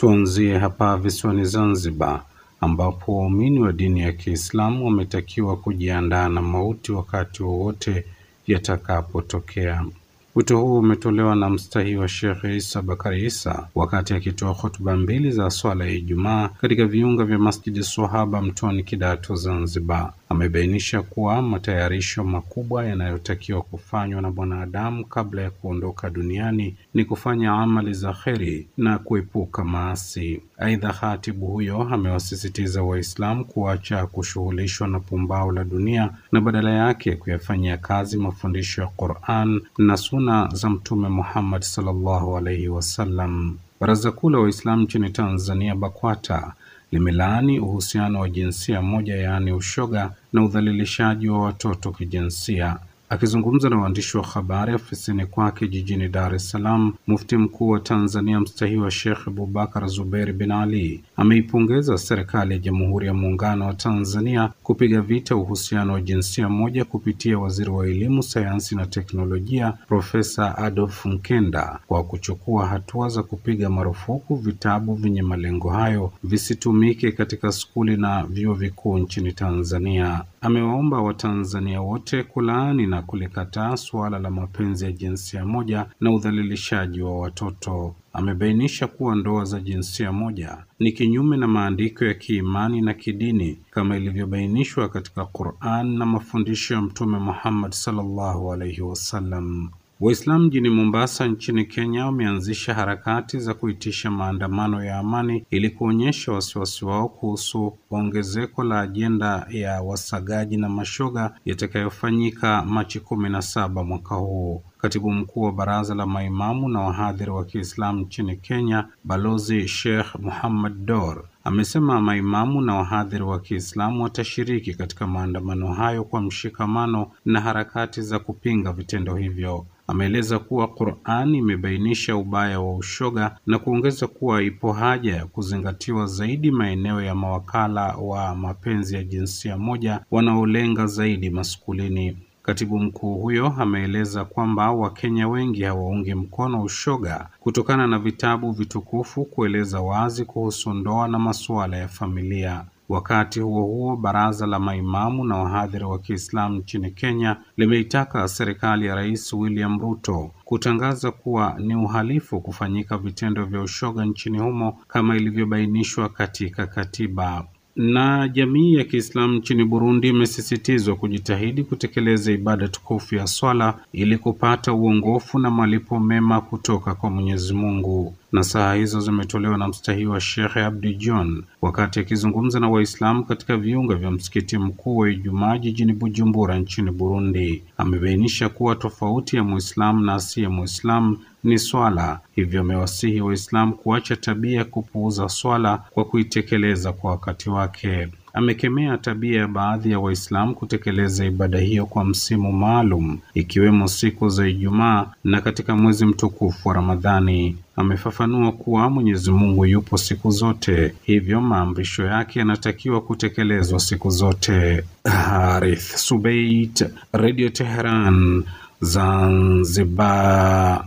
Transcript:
Tuanzie hapa visiwani Zanzibar ambapo waumini wa dini ya Kiislamu wametakiwa kujiandaa na mauti wakati wowote yatakapotokea. Wito huu umetolewa na mstahii wa Sheikh Isa Bakari Isa wakati akitoa hotuba mbili za swala ya Ijumaa katika viunga vya Masjidi Swahaba Mtoni Kidatu, Zanzibar. Amebainisha kuwa matayarisho makubwa yanayotakiwa kufanywa na mwanadamu kabla ya kuondoka duniani ni kufanya amali za kheri na kuepuka maasi. Aidha, hatibu huyo amewasisitiza Waislamu kuacha kushughulishwa na pumbao la dunia na badala yake kuyafanyia kazi mafundisho ya Quran na Suna za Mtume Muhammad sallallahu alaihi wasallam. Baraza Kuu la Waislamu nchini Tanzania, BAKWATA, limelaani uhusiano wa jinsia moja yaani ushoga na udhalilishaji wa watoto kijinsia. Akizungumza na waandishi wa habari ofisini kwake jijini Dar es Salaam, mufti mkuu wa Tanzania mstahii wa Sheikh Abubakar Zuberi bin Ali ameipongeza serikali ya Jamhuri ya Muungano wa Tanzania kupiga vita uhusiano wa jinsia moja kupitia Waziri wa Elimu, Sayansi na Teknolojia Profesa Adolf Mkenda kwa kuchukua hatua za kupiga marufuku vitabu vyenye malengo hayo visitumike katika skuli na vyuo vikuu nchini Tanzania. Amewaomba Watanzania wote kulaani na kulikataa suala la mapenzi ya jinsia moja na udhalilishaji wa watoto amebainisha kuwa ndoa za jinsia moja ni kinyume na maandiko ya kiimani na kidini kama ilivyobainishwa katika Quran na mafundisho ya Mtume Muhammad sallallahu alaihi wasallam. Waislamu mjini Mombasa nchini Kenya wameanzisha harakati za kuitisha maandamano ya amani ili kuonyesha wasiwasi wao kuhusu ongezeko la ajenda ya wasagaji na mashoga yatakayofanyika Machi kumi na saba mwaka huu. Katibu mkuu wa baraza la maimamu na wahadhiri wa Kiislamu nchini Kenya, Balozi Sheikh Muhammad Dor amesema maimamu na wahadhiri wa Kiislamu watashiriki katika maandamano hayo kwa mshikamano na harakati za kupinga vitendo hivyo. Ameeleza kuwa Qur'an imebainisha ubaya wa ushoga na kuongeza kuwa ipo haja ya kuzingatiwa zaidi maeneo ya mawakala wa mapenzi ya jinsia moja wanaolenga zaidi maskulini. Katibu mkuu huyo ameeleza kwamba Wakenya wengi hawaungi mkono ushoga kutokana na vitabu vitukufu kueleza wazi kuhusu ndoa na masuala ya familia. Wakati huo huo, baraza la maimamu na wahadhiri wa Kiislamu nchini Kenya limeitaka serikali ya Rais William Ruto kutangaza kuwa ni uhalifu kufanyika vitendo vya ushoga nchini humo kama ilivyobainishwa katika katiba. Na jamii ya Kiislamu nchini Burundi imesisitizwa kujitahidi kutekeleza ibada tukufu ya swala ili kupata uongofu na malipo mema kutoka kwa Mwenyezi Mungu na saa hizo zimetolewa na mstahii wa Shekhe Abdi John wakati akizungumza na Waislamu katika viunga vya msikiti mkuu wa Ijumaa jijini Bujumbura nchini Burundi. Amebainisha kuwa tofauti ya Muislamu na asiye Muislamu ni swala, hivyo amewasihi Waislamu kuacha tabia ya kupuuza swala kwa kuitekeleza kwa wakati wake amekemea tabia ya baadhi ya Waislamu kutekeleza ibada hiyo kwa msimu maalum ikiwemo siku za Ijumaa na katika mwezi mtukufu wa Ramadhani. Amefafanua kuwa Mwenyezi Mungu yupo siku zote, hivyo maamrisho yake yanatakiwa kutekelezwa siku zote. Harith Subait, Radio Zanzibar.